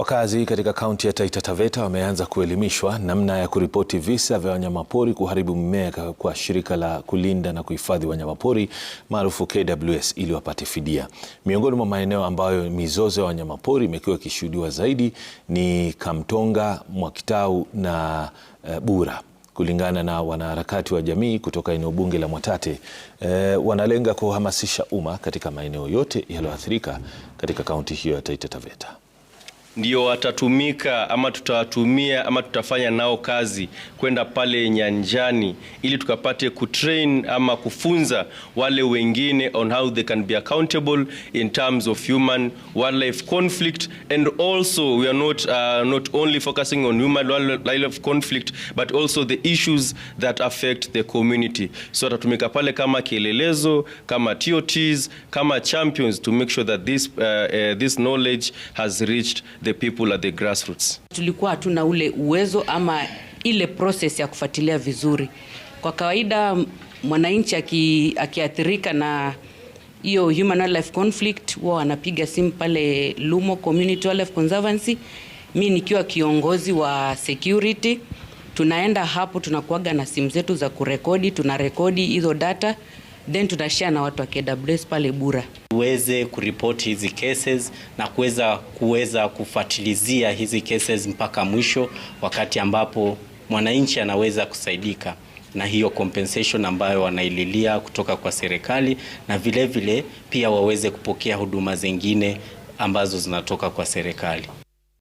Wakazi katika kaunti ya Taita Taveta wameanza kuelimishwa namna ya kuripoti visa vya wanyamapori kuharibu mimea kwa shirika la kulinda na kuhifadhi wanyamapori maarufu KWS ili wapate fidia. Miongoni mwa maeneo ambayo mizozo ya wanyamapori imekuwa ikishuhudiwa zaidi ni Kamtonga, Mwakitau na e, Bura. Kulingana na wanaharakati wa jamii kutoka eneo bunge la Mwatate e, wanalenga kuhamasisha umma katika maeneo yote yaliyoathirika katika kaunti hiyo ya Taita Taveta ndio watatumika ama tutawatumia ama tutafanya nao kazi kwenda pale nyanjani, ili tukapate kutrain ama kufunza wale wengine on how they can be accountable in terms of human wildlife conflict and also we are not, uh, not only focusing on human wildlife conflict but also the issues that affect the community. So watatumika pale kama kielelezo, kama TOTs, kama champions to make sure that this, uh, uh, this knowledge has reached the the people at the grassroots. Tulikuwa hatuna ule uwezo ama ile process ya kufuatilia vizuri. Kwa kawaida mwananchi akiathirika na hiyo human life conflict wao wanapiga simu pale Lumo Community Wildlife Conservancy. Mi nikiwa kiongozi wa security, tunaenda hapo, tunakuaga na simu zetu za kurekodi, tunarekodi hizo data then tunashare na watu wa KWS pale Bura uweze kuripoti hizi cases na kuweza kuweza kufuatilizia hizi cases mpaka mwisho, wakati ambapo mwananchi anaweza kusaidika na hiyo compensation ambayo wanaililia kutoka kwa serikali, na vile vile pia waweze kupokea huduma zingine ambazo zinatoka kwa serikali.